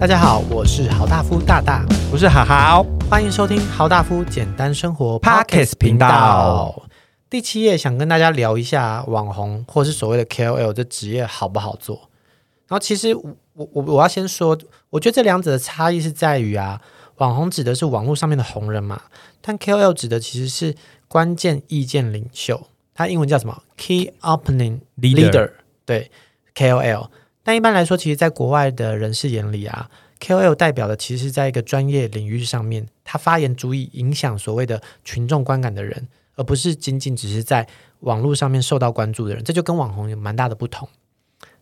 大家好，我是豪大夫大大，我是豪豪、哦，歡迎收聽豪大夫簡單生活 Podcast 頻道。第七夜，想跟大家聊一下網紅或是所謂的 KOL 這職業好不好做？然後其實我我我我要先說，我覺得這兩者的差異是在於啊，網紅指的是網絡上面的紅人嘛，但 KOL 指的其實是關鍵意見領袖，他英文叫什麼？Key Opening Leader, leader 對，KOL。KOL。但一般來說，其實，在國外的人士眼裡啊，KOL 代表的其實是在一個專業領域上面，他發言足以影響所謂的群眾觀感的人，而不是僅僅只是在網絡上面受到關注的人。這就跟網紅有蠻大的不同。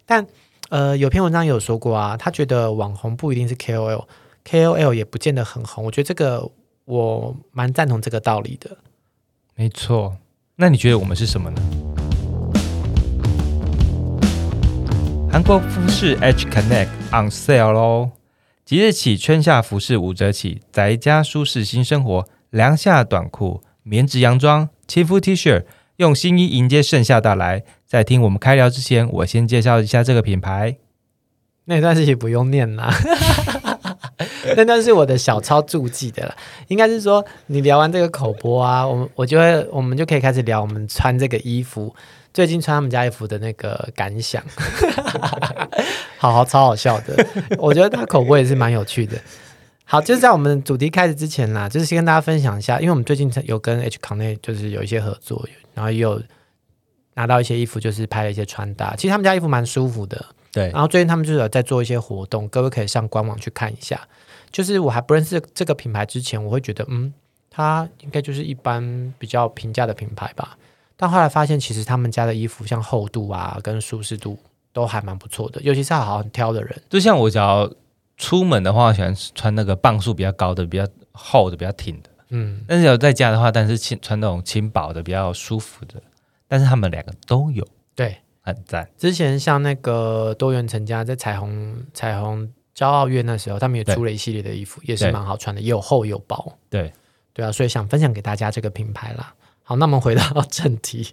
但呃，有篇文章有說過啊，他覺得網紅不一定是 KOL，KOL 也不見得很紅。我覺得這個我蠻贊同這個道理的。沒錯。那你覺得我們是什麼呢？韓國服飾 H Connect on sale 咯，即日起春夏服飾五折起，宅家舒適新生活，涼夏短褲、棉質洋裝、親膚 t 恤，用新衣迎接盛夏到來。在聽我們開聊之前，我先介紹一下這個品牌。那段事情不用念啦。 那當然是我的小抄註記的了。應該是說，你聊完這個口播啊，我們我覺得我們就可以開始聊我們穿這個衣服，最近穿他們家衣服的那個感想。 好好，超好笑的。我覺得他口播也是蠻有趣的。好，就是在我們主題開始之前啦，就是先跟大家分享一下，因為我們最近有跟 H:CONNECT 就是有一些合作，然後也有拿到一些衣服，就是拍了一些穿搭。其實他們家衣服蠻舒服的，對。然後最近他們就是有在做一些活動，各位可以上官網去看一下。就是我還不認識這個品牌之前，我會覺得嗯，它應該就是一般比較平價的品牌吧。但後來發現，其實他們家的衣服像厚度啊，跟舒適度都還蠻不錯的。尤其是好很挑的人，就像我只要出門的話，我喜歡穿那個磅數比較高的、比較厚的、比較挺的。嗯，但是有在家的話，但是輕穿那種輕薄的、比較舒服的。但是他們兩個都有，對，很讚。之前像那個多元成家在彩虹，彩虹。驕傲月那時候，他們也出了一系列的衣服，也是蠻好穿的，有厚有薄。對，對啊，所以想分享給大家這個品牌啦。好，那我們回到正題。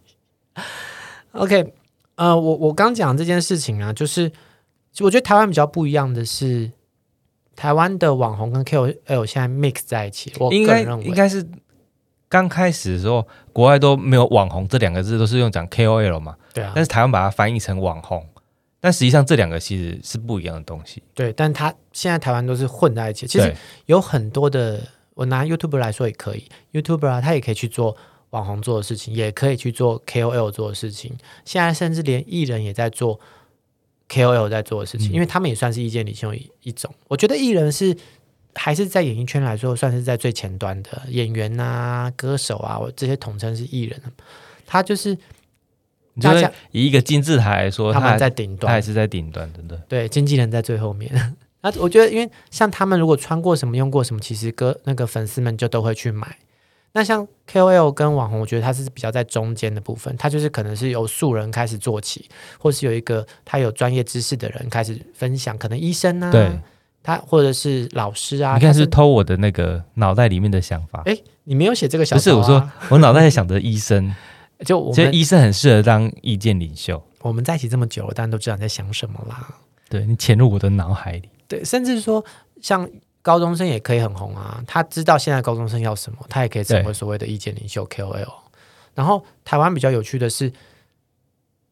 OK，呃，我我剛講這件事情啊，就是我覺得台灣比較不一樣的是，台灣的網紅跟 KOL 現在 mix 在一起。我認為應該應該是剛開始的時候，國外都沒有“網紅”這兩個字，都是用講 KOL 嘛。對啊，但是台灣把它翻譯成網紅。但實際上，這兩個其實是不一樣的東西。對，但他現在台灣都是混在一起。其實有很多的，我拿 YouTuber 來說也可以，YouTuber 啊，他也可以去做網紅做的事情，也可以去做 KOL 做的事情。現在甚至連藝人也在做 KOL 在做的事情，嗯，因為他們也算是意見領袖一一種。我覺得藝人是還是在演藝圈來說，算是在最前端的演員啊、歌手啊，我這些統稱是藝人，他就是。你就像以一個金字塔來說，他們在頂端，他也是在頂端，真的。對，經紀人在最後面。 那我覺得，因為像他們如果穿過什麼、用過什麼，其實哥那個粉絲們就都會去買。那像 KOL 跟網紅，我覺得他是比較在中間的部分。他就是可能是由素人開始做起，或是有一個他有專業知識的人開始分享，可能醫生啊，對，他或者是老師啊。應該是偷我的那個腦袋裡面的想法。哎，你沒有寫這個想法、啊，不是我說，我腦袋還想着醫生。 就我其實醫生很適合當意見領袖。我們在一起這麼久了，但都知道你在想什麼啦。對，你潛入我的腦海裡。對，甚至說像高中生也可以很紅啊。他知道現在高中生要什麼，他也可以成為所謂的意見領袖 KOL。然後台灣比較有趣的是，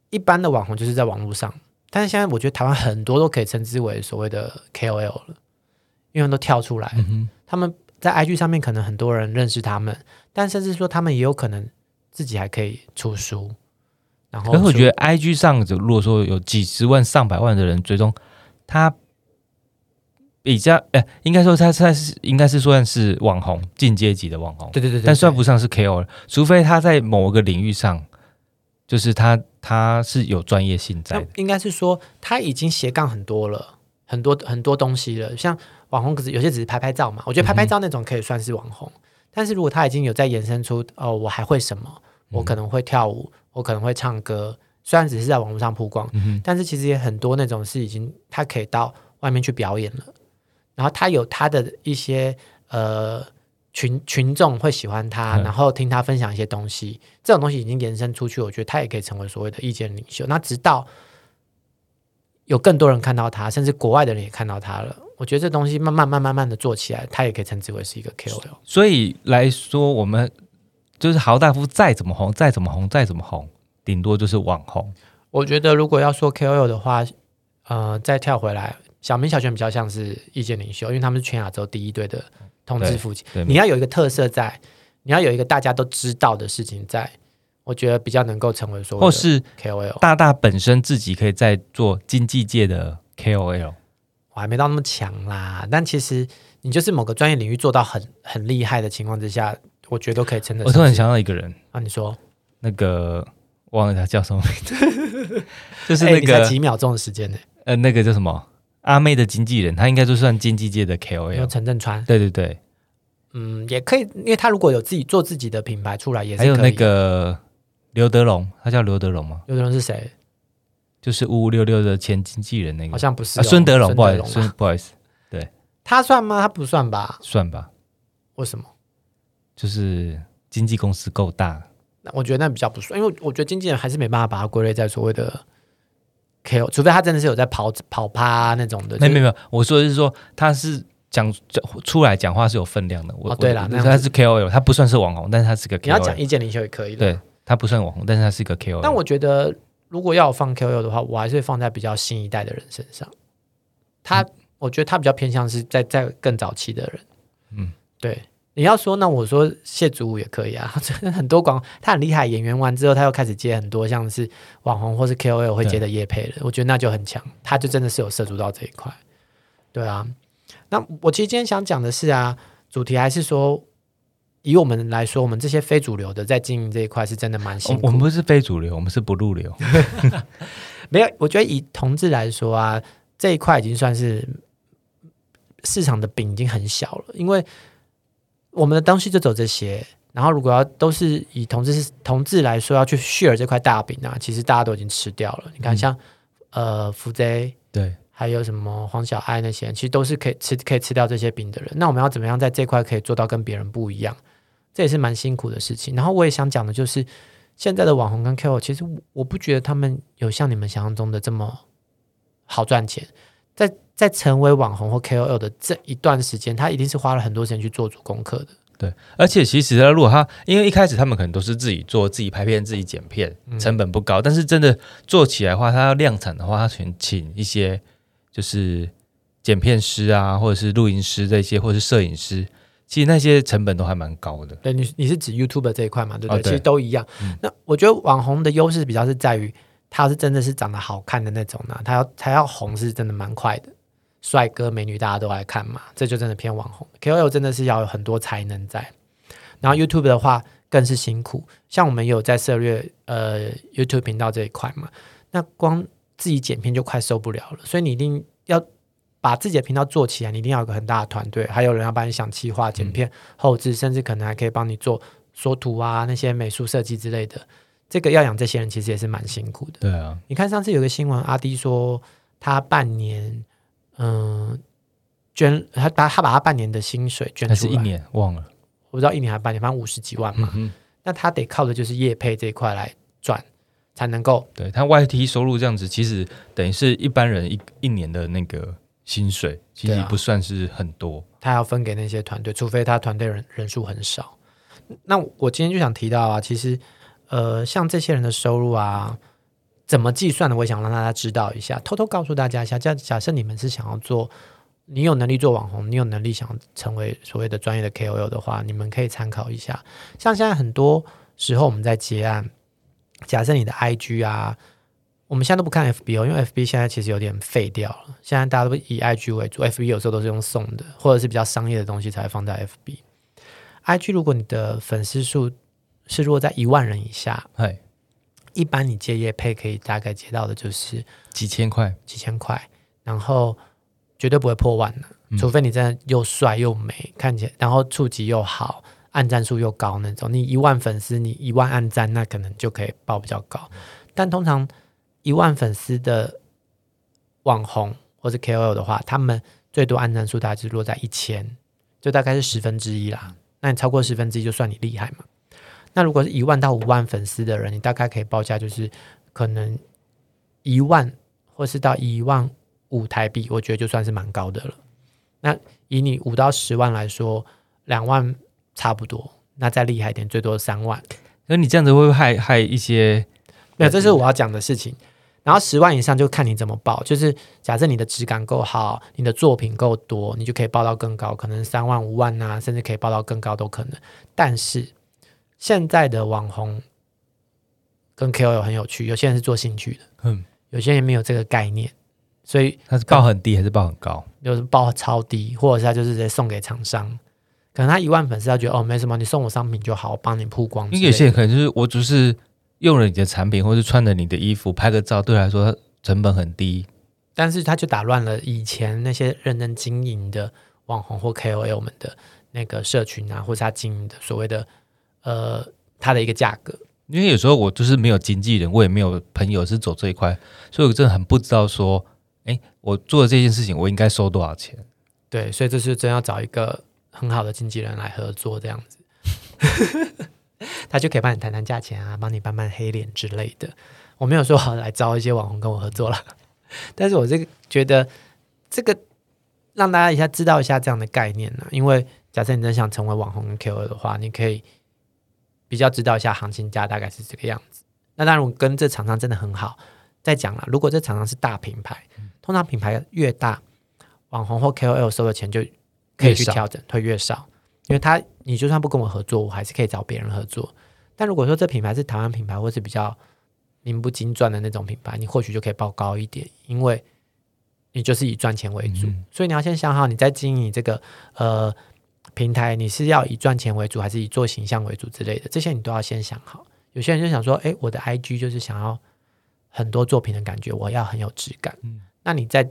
一般的網紅就是在網絡上，但是現在我覺得台灣很多都可以稱之為所謂的 KOL 了，因為都跳出來。嗯、他們在 IG 上面可能很多人認識他們，但甚至說他們也有可能。自己還可以出書，然後我覺得 IG 上，如果說有幾十萬、上百萬的人追蹤，他比較哎、呃，應該說他算是應該是算是網紅進階級的網紅，對對對，對，但算不上是 KO 了，除非他在某個領域上，就是他他是有專業性在的，應該是說他已經斜槓很多了，很多很多東西了，像網紅，可是有些只是拍拍照嘛，我覺得拍拍照那種可以算是網紅。嗯但是如果他已經有在延伸出，哦，我還會什麼？我可能會跳舞，我可能會唱歌。雖然只是在網絡上曝光、嗯，但是其實也很多那種是已經他可以到外面去表演了。然後他有他的一些呃群群眾會喜歡他、嗯，然後聽他分享一些東西。這種東西已經延伸出去，我覺得他也可以成為所謂的意見領袖。那直到。有更多人看到他，甚至國外的人也看到他了。我覺得這東西慢慢、慢，慢、慢慢的做起來，他也可以稱之為是一個 KOL。所以來說，我們就是豪大夫再怎麼紅、再怎麼紅、再怎麼紅，頂多就是網紅。我覺得如果要說 KOL 的話，呃，再跳回來，小明小泉比較像是意見領袖，因為他們是全亞洲第一對的同志夫妻。你要有一個特色在，你要有一個大家都知道的事情在。我覺得比較能夠成為說，或是 KOL 大大本身自己可以在做經紀界的 KOL，我還沒到那麼強啦。但其實你就是某個專業領域做到很很厲害的情況之下，我覺得都可以稱得上。我突然想到一個人，啊，你說那個忘了他叫什麼名字， 就是那個、欸、幾秒鐘的時間呢？呃，那個叫什麼阿妹的經紀人，他應該就算經紀界的 KOL。有陳鎮川，對對對，嗯，也可以，因為他如果有自己做自己的品牌出來，也是可以還有那個。劉德榮，他叫劉德榮嗎？劉德榮是誰？就是五五六六的前經紀人那個，好像不是孫、啊、德榮，不好意思，對，他算嗎？他不算吧？算吧？為什麼？就是經紀公司夠大，那我覺得那比較不算，因為我覺得經紀人還是沒辦法把他歸類在所謂的 KOL 除非他真的是有在跑跑趴那種的、就是。沒沒沒，我說的是說他是講出來講話是有分量的。我哦、對啦我對他是 KOL，他是 KOL、嗯、他不算是網紅，但是他是個 KOL，你要講意見領袖也可以的。對。他不算網紅，但是他是一個 KOL。但我覺得，如果要放 KOL 的話，我還是會放在比較新一代的人身上。他，嗯、我覺得他比較偏向是在在更早期的人。嗯，對。你要說呢？那我說謝祖武也可以啊。 很多廣告，他很厲害，演員完之後，他又開始接很多像是網紅或是 KOL 會接的業配的。我覺得那就很強，他就真的是有涉足到這一塊。對啊。那我其實今天想講的是啊，主題還是說。以我們來說，我們這些非主流的在經營這一塊是真的蠻辛苦的，哦。我們不是非主流，我們是不入流。 沒有，我覺得以同志來說啊，這一塊已經算是市場的餅已經很小了，因為我們的東西就走這些。然後如果要都是以同志是同志來說要去 share 這塊大餅啊，其實大家都已經吃掉了。你看，嗯、像呃福澤對，還有什麼黃小愛那些，其實都是可以吃可以吃掉這些餅的人。那我們要怎麼樣在這塊可以做到跟別人不一樣？這也是蠻辛苦的事情。然後我也想講的就是，現在的網紅跟 KOL，其實我不覺得他們有像你們想象中的這麼好賺錢。在在成為網紅或 KOL 的這一段時間，他一定是花了很多錢去做足功課的。對，而且其實他如果他，因為一開始他們可能都是自己做、自己拍片、自己剪片，成本不高。嗯，但是真的做起來的話，他要量產的話，他全請一些就是剪片師啊，或者是錄音師這些，或者是攝影師。其實那些成本都還蠻高的，對你你是指 YouTube 這一塊嘛，對不對？哦、對其實都一樣、嗯。那我覺得網紅的優勢比較是在於，他是真的是長得好看的那種呢、啊，他要他要紅是真的蠻快的，帥哥美女大家都愛看嘛，這就真的偏網紅。KOL 真的是要有很多才能在，然後 YouTube 的話更是辛苦，像我們也有在涉獵呃 YouTube 頻道這一塊嘛，那光自己剪片就快受不了了，所以你一定要。把自己的頻道做起來，你一定要有個很大的團隊，還有人要幫你想企劃、剪片、嗯、後製，甚至可能還可以幫你做縮圖啊，那些美術設計之類的。這個要養這些人，其實也是蠻辛苦的。對啊，你看上次有個新聞，阿滴說他半年，嗯、呃，捐他把，他把他半年的薪水捐出，是一年忘了，我不知道一年還半年，反正五十幾萬嘛、嗯。那他得靠的就是業配這一塊來賺，才能夠。對，他 YT 收入這樣子，其實等於是一般人一一年的那個。薪水其實不算是很多，啊，他要分給那些團隊，除非他團隊人人數很少。那我今天就想提到啊，其實呃，像這些人的收入啊，怎麼計算的，我想讓大家知道一下，偷偷告訴大家一下。假假設你們是想要做，你有能力做網紅，你有能力想成為所謂的專業的 KOL 的話，你們可以參考一下。像現在很多時候我們在接案，假設你的 I G 啊。我們現在都不看 FB 了，哦，因為 FB 現在其實有點廢掉了。現在大家都以 IG 為主，FB 有時候都是用送的，或者是比較商業的東西才放在 FB。IG，如果你的粉絲數是如果在一萬人以下，一般你接業配可以大概接到的就是幾千塊，幾千塊，然後絕對不會破萬的，除非你真的又帥又美，嗯、看起來，然後觸及又好，按讚數又高那種。你一萬粉絲，你一萬按讚，那可能就可以報比較高，但通常。一萬粉絲的網紅或是 KOL 的話，他們最多按讚數大概是落在一千，就大概是十分之一啦。那你超過十分之一就算你厲害嘛？那如果是一萬到五萬粉絲的人，你大概可以報價就是可能一萬或是到一萬五台幣，我覺得就算是蠻高的了。那以你五到十萬來說，兩萬差不多。那再厲害一點，最多三萬。那你這樣子會不會害害一些？沒有，這是我要講的事情。然後十萬以上就看你怎麼報，就是假設你的質感夠好，你的作品夠多，你就可以報到更高，可能三萬五萬吶、啊，甚至可以報到更高都可能。但是現在的網紅跟 KOL 很有趣，有些人是做興趣的，嗯，有些人沒有這個概念，所以他是報很低還是報很高？有、就是報超低，或者是他就是直接送給廠商，可能他一萬粉絲，他覺得哦沒什麼，你送我商品就好，我幫你曝光。有些可能就是我只是。用了你的產品，或是穿着你的衣服拍個照，對來說成本很低，但是他就打亂了以前那些認真經營的網紅或 KOL 們的那個社群啊，或是他經營的所謂的呃他的一個價格。因為有時候我就是沒有經紀人，我也沒有朋友是走這一塊，所以我真的很不知道說，哎，我做這件事情，我應該收多少錢？對，所以這是真要找一個很好的經紀人來合作，這樣子。 他就可以幫你談談價錢啊，幫你扮扮黑臉之類的。我沒有說好來招一些網紅跟我合作了，但是我這個覺得這個讓大家一下知道一下這樣的概念呢。因為假設你真的想成為網紅 KOL 的話，你可以比較知道一下行情價大概是這個樣子。那當然，我跟這廠商真的很好，再講了。如果這廠商是大品牌，通常品牌越大，網紅或 KOL 收的錢就可以去調整，會越少。因為他，你就算不跟我合作，我還是可以找別人合作。但如果說這品牌是台灣品牌，或是比較名不經傳的那種品牌，你或許就可以報高一點，因為你就是以賺錢為主，嗯、所以你要先想好你在經營這個呃平台，你是要以賺錢為主，還是以做形象為主之類的，這些你都要先想好。有些人就想說，哎，我的 IG 就是想要很多作品的感覺，我要很有質感。嗯、那你在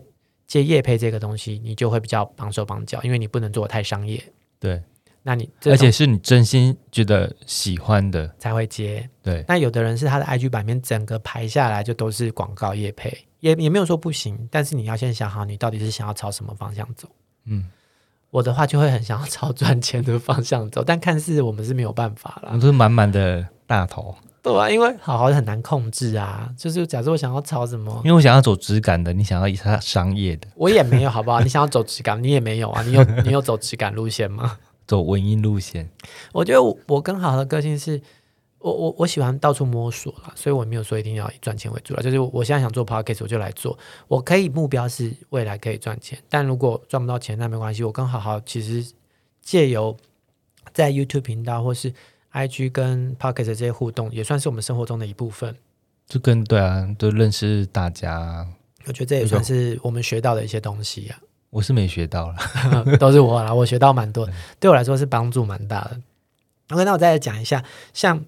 借業配這個東西，你就會比較綁手綁腳，因為你不能做太商業。對。那你而且是你真心覺得喜歡的才會接對。那有的人是他的 IG 版面整個排下來就都是廣告業配，也也沒有說不行。但是你要先想好，你到底是想要朝什麼方向走。嗯，我的話就會很想要朝賺錢的方向走，但看似我們是沒有辦法啦，都是滿滿的大頭，對吧、啊？因為好好的很難控制啊。就是假設我想要朝什麼，因為我想要走質感的，你想要以它商業的，我也沒有，好不好？你想要走質感， 你也沒有啊。你有你有走質感路線嗎？走文藝路線，我覺得我跟好好的個性是，我我我喜歡到處摸索啦，所以我沒有說一定要以賺錢為主啦。就是我現在想做 Podcast 我就來做。我可以目標是未來可以賺錢，但如果賺不到錢，那沒關係。我跟好好其實借由在 YouTube 頻道或是 IG 跟 Podcast 的這些互動，也算是我們生活中的一部分。就跟對啊，就認識大家，我覺得這也算是我們學到的一些東西呀、啊。我是沒學到了 都是我了。我學到蠻多，嗯、對我來說是幫助蠻大的。OK，那我再來講一下，像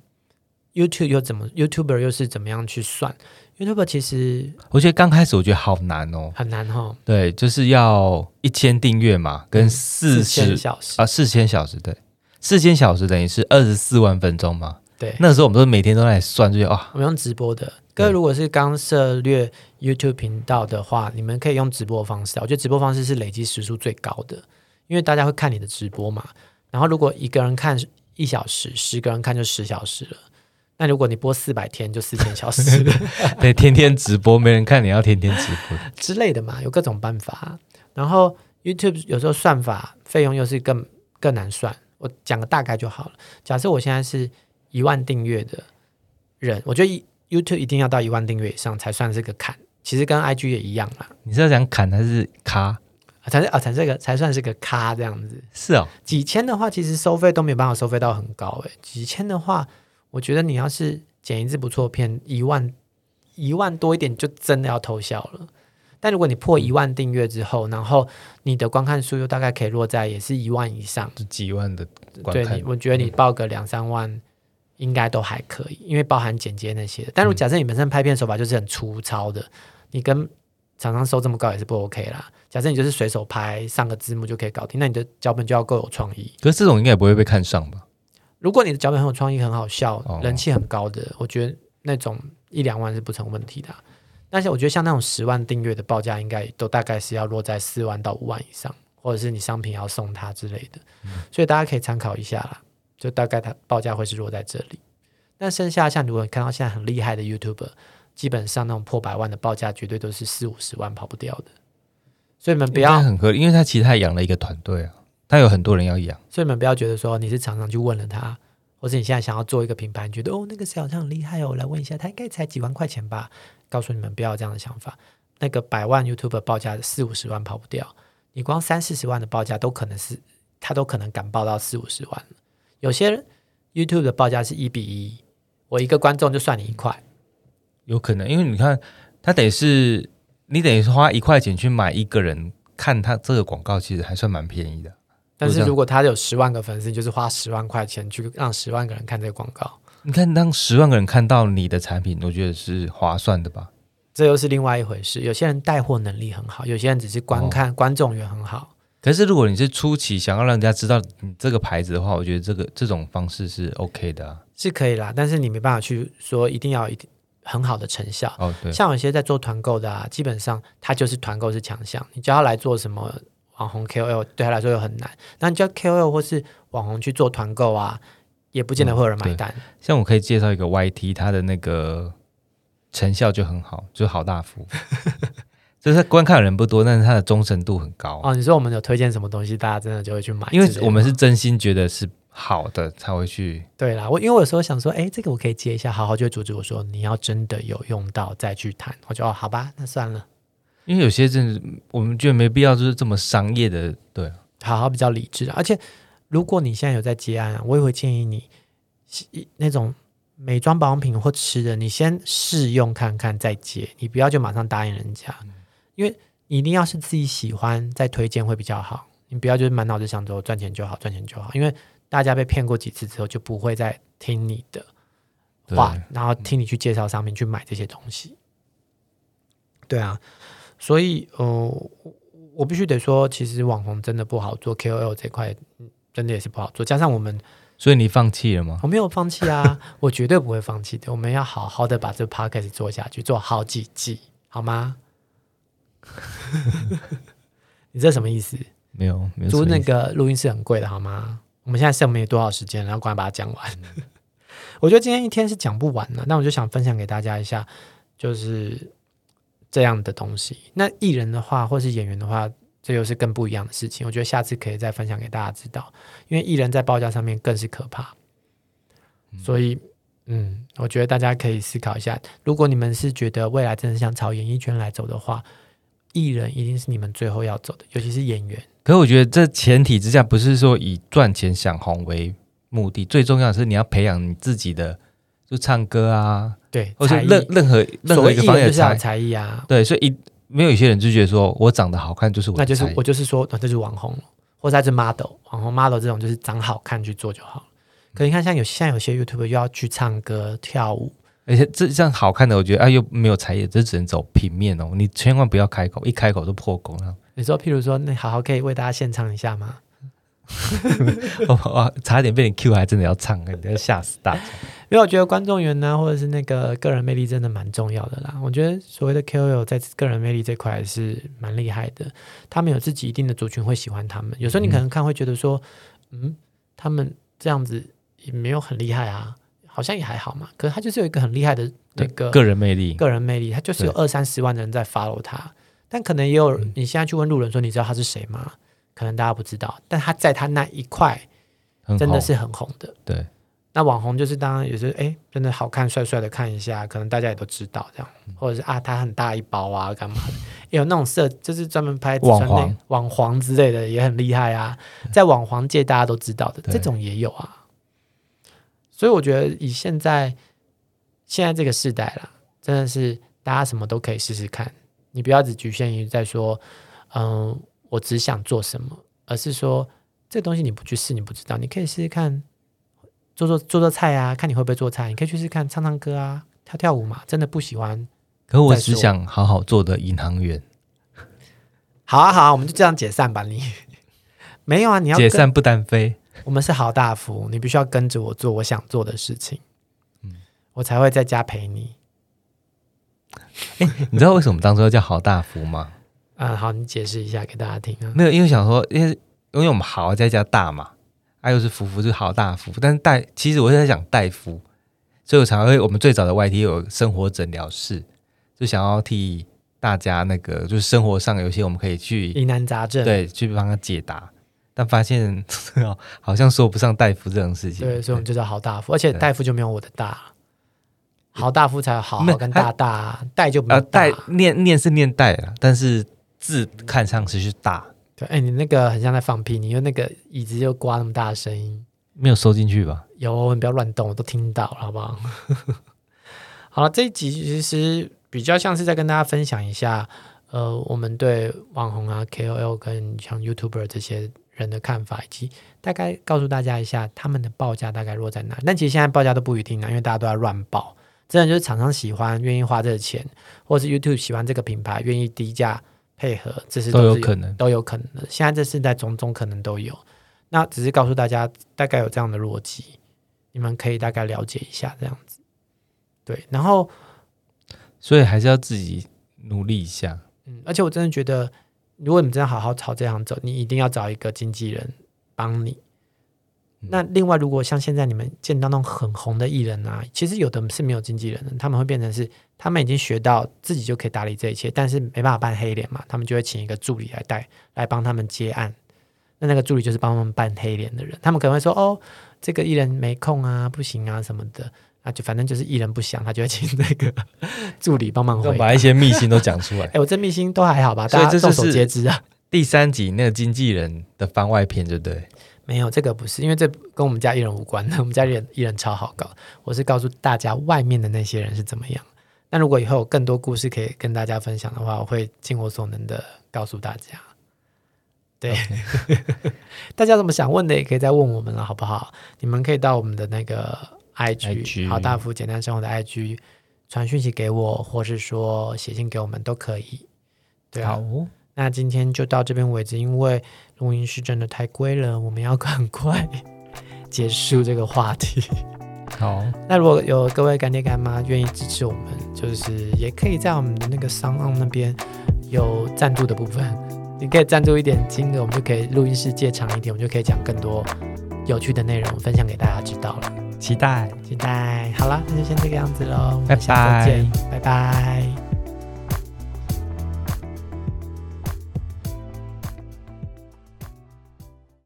YouTube 又怎麼，YouTuber 又是怎麼樣去算？YouTuber 其實，我覺得剛開始我覺得好難哦，很難哦，對，就是要一千訂閱嘛，跟四千、嗯、小時啊，四、呃、千小時對，四千小時等於是二十四萬分鐘嘛。對，那時候我們都是每天都在算，就是、哦、我們用直播的。哥，如果是剛涉獵 YouTube 頻道的話，你們可以用直播方式。我覺得直播方式是累積時數最高的，因為大家會看你的直播嘛。然後，如果一個人看一小時，十個人看就十小時了。那如果你播四百天，就四千小時了。 對，天天直播 沒人看，你要天天直播之類的嘛，有各種辦法。然後 YouTube 有時候算法費用又是更更難算，我講個大概就好了。假設我現在是。一萬訂閱的人，我覺得 YouTube 一定要到一萬訂閱以上才算是個坎。其實跟 IG 也一樣啦。你是要講坎還是咖？才是啊，才是個，才算是個咖。這樣子。是哦，幾千的話，其實收費都沒有辦法收費到很高誒、欸。幾千的話，我覺得你要是剪一次不錯片，一萬一萬多一點就真的要偷笑了。但如果你破一萬訂閱之後、嗯，然後你的觀看數又大概可以落在也是一萬以上，就幾萬的觀看。對，我覺得你報個兩三萬。嗯應該都還可以，因為包含剪接那些。但如果假設你本身拍片手法就是很粗糙的，嗯、你跟廠商收這麼高也是不 OK 啦。假設你就是隨手拍，上個字幕就可以搞定，那你的腳本就要夠有創意。可是這種應該不會被看上吧？如果你的腳本很有創意、很好笑、哦、人氣很高的，我覺得那種一兩萬是不成問題的、啊。但是我覺得像那種十萬訂閱的報價，應該都大概是要落在四萬到五萬以上，或者是你商品要送他之類的。嗯、所以大家可以參考一下啦。就大概他報價會是落在這裡，但剩下像如果你看到現在很厲害的 YouTuber，基本上那種破百萬的報價絕對都是四五十萬跑不掉的，所以你們不要很合理，因為他其實他養了一個團隊啊，他有很多人要養，所以你們不要覺得說你是常常去問了他，或者你現在想要做一個品牌，你覺得哦那個誰好像很厲害哦，我來問一下他應該才幾萬塊錢吧，告訴你們不要這樣的想法，那個百萬 YouTuber 報價四五十萬跑不掉，你光三四十萬的報價都可能是他都可能敢報到四五十萬了有些人 YouTube 的報價是一比一，我一個觀眾就算你一塊，有可能，因為你看他等於是你等於是花一塊錢去買一個人看他這個廣告，其實還算蠻便宜的。但是如果他有十萬個粉絲，就是花十萬塊錢去讓十萬個人看這個廣告，你看當十萬個人看到你的產品，我覺得是划算的吧？這又是另外一回事。有些人帶貨能力很好，有些人只是觀看，哦、觀眾緣很好。可是，如果你是初期想要讓人家知道你這個牌子的話，我覺得這個這種方式是 OK 的、啊，是可以啦。但是你沒辦法去說一定要一定很好的成效。哦、對像有些在做團購的啊，基本上他就是團購是強項，你叫他來做什麼網紅 KOL 對他來說又很難。那你叫 KOL 或是網紅去做團購啊，也不見得會有人買單。嗯、像我可以介紹一個 YT，他的那個成效就很好，就豪大夫。 就是觀看的人不多，但是他的忠誠度很高哦。你說我們有推薦什麼東西，大家真的就會去買？因為我們是真心覺得是好的才會去。對啦，我因為我有時候想說，哎，這個我可以接一下。好好就會阻止我說，你要真的有用到再去談。我就哦，好吧，那算了。因為有些事我們覺得沒必要，就是這麼商業的。對，好好比較理智。而且如果你現在有在接案啊，我也會建議你，那種美妝保養品或吃的，你先試用看看再接，你不要就馬上答應人家。嗯因為一定要是自己喜歡，再推薦會比較好。你不要就是滿腦子想着我賺錢就好，賺錢就好。因為大家被騙過幾次之後，就不會再聽你的話，然後聽你去介紹商品去買這些東西。對啊，所以呃，我必須得說，其實網紅真的不好做，KOL 這塊真的也是不好做。加上我們，所以你放棄了嗎？我沒有放棄啊，我絕對不會放棄的。我們要好好的把這個 podcast 做下去，做好幾季，好嗎？ 你這什麼意思？沒有沒有意思。租那個錄音室很貴的，好嗎？我們現在是沒有多少時間，然後趕快把它講完。嗯、 我覺得今天一天是講不完的、啊，那我就想分享給大家一下，就是這樣的東西。那藝人的話，或是演員的話，這又是更不一樣的事情。我覺得下次可以再分享給大家知道，因為藝人在報價上面更是可怕。所以，嗯，嗯我覺得大家可以思考一下，如果你們是覺得未來真的想朝演藝圈來走的話。藝人一定是你們最後要走的，尤其是演員。可我覺得這前提之下，不是說以賺錢、想紅為目的，最重要的是你要培養你自己的，就唱歌啊，對，或者任任何任何一個方面的才藝，就是才藝啊。對，所以一沒有一些人就覺得說我長得好看就是我的，那就是我就是說、啊、這是網紅，或者是 model，網紅 model 這種就是長好看去做就好了、嗯。可你看像，像有像有些 YouTuber 又要去唱歌跳舞。而且這樣好看的，我覺得啊，又沒有才藝，這只能走平面哦。你千萬不要開口，一開口就破功了。你、啊、說，譬如說，你好好可以為大家獻唱一下嗎？我 我 差一點被你 Q，還真的要唱，你要嚇死大家。因為我覺得觀眾緣呢，或者是那個個人魅力，真的蠻重要的啦。我覺得所謂的 KOL 在個人魅力這塊還是蠻厲害的，他們有自己一定的族群會喜歡他們。有時候你可能看會覺得說，嗯，嗯他們這樣子也沒有很厲害啊。好像也還好嘛，可是他就是有一個很厲害的那個個人魅力，個人魅力，他就是有二三十萬的人在 follow 他，但可能也有你現在去問路人說，你知道他是誰嗎？嗯、可能大家不知道，但他在他那一塊真的是很紅的。對，那網紅就是當然有時候哎、欸，真的好看帥帥的看一下，可能大家也都知道這樣，或者是啊，他很大一包啊，幹嘛的？ 也有那種色就是專門拍網紅網黃之類的，也很厲害啊，在網黃界大家都知道的，這種也有啊。所以我覺得以現在現在這個時代了，真的是大家什麼都可以試試看。你不要只局限於在說，嗯，我只想做什麼，而是說這個東西你不去試，你不知道。你可以試試看做做做做菜啊，看你會不會做菜。你可以去試試看唱唱歌啊，跳跳舞嘛。真的不喜歡，可我只想好好做的銀行員。 好啊好啊，我們就這樣解散吧。你 沒有啊？你要解散不單飛。 我們是豪大夫，你必須要跟着我做我想做的事情，嗯，我才會在家陪你。 你知道為什麼當初要叫豪大夫嗎？ 嗯，好，你解釋一下給大家聽啊、嗯。沒有，因為想說，因為因為我們豪在加大嘛，還、啊、有是夫夫是豪大夫，但是其實我現在想大夫，所以我才會我們最早的 YT 有生活診療室，就想要替大家那個就是生活上有些我們可以去疑難雜症，對，去幫他解答。但發現好像說不上“大夫”這種事情。對，所以我們就叫郝大夫，而且大夫就沒有我的大，郝大夫才好好跟大大帶、欸、就啊帶、呃、念念是念帶了，但是字看上去是大。對，哎、欸，你那個很像在放屁，你用那個椅子又刮那麼大的聲音，沒有收進去吧？有，你不要亂動，我都聽到了，好不好？ 好了，這一集其實比較像是在跟大家分享一下，呃，我們對網紅啊、KOL 跟像 YouTuber 這些。人的看法，以及大概告訴大家一下，他們的報價大概落在哪？但其實現在報價都不一定啊，因為大家都在亂報。真的就是廠商喜歡，願意花這個錢，或者是 YouTube 喜歡這個品牌，願意低價配合，這都是有都有可能，都有可能的。現在這世代種種可能都有。那只是告訴大家，大概有這樣的邏輯，你們可以大概了解一下這樣子。對，然後，所以還是要自己努力一下。嗯，而且我真的覺得。如果你真的好好朝這樣走，你一定要找一個經紀人幫你。那另外，如果像現在你們見到那種很紅的藝人啊，其實有的是沒有經紀人的，他們會變成是他們已經學到自己就可以打理這一切，但是沒辦法扮黑臉嘛，他們就會請一個助理來帶來幫他們接案。那那個助理就是幫，幫他們扮黑臉的人，他們可能會說：“哦，這個藝人沒空啊，不行啊什麼的。”啊，就反正就是藝人不想，他就會請那個助理幫忙回，把一些秘辛都講出來。哎、 欸，我這秘辛都還好吧？大家眾所皆知啊。第三集那個經紀人的番外篇，對不對？沒有這個不是，因為這跟我們家藝人無關的。我們家藝人藝人超好搞，我是告訴大家外面的那些人是怎麼樣。那如果以後有更多故事可以跟大家分享的話，我會盡我所能的告訴大家。對，okay. 大家有什麼想問的也可以再問我們了，好不好？你們可以到我們的那個。IG 豪大夫簡單生活的 IG, IG 傳訊息給我，或是說寫信給我們都可以。對、啊，好，那今天就到這邊為止，因為錄音室真的太貴了，我們要趕快結束這個話題。好， 那如果有各位乾爹乾媽願意支持我們，就是也可以在我們的那個 SoundOn 那邊有贊助的部分，你可以贊助一點金額，我們就可以錄音室借長一點，我們就可以講更多有趣的內容分享給大家知道了。期待，期待。好了，那就先這個樣子嘍，拜拜，我們下次再見，拜拜。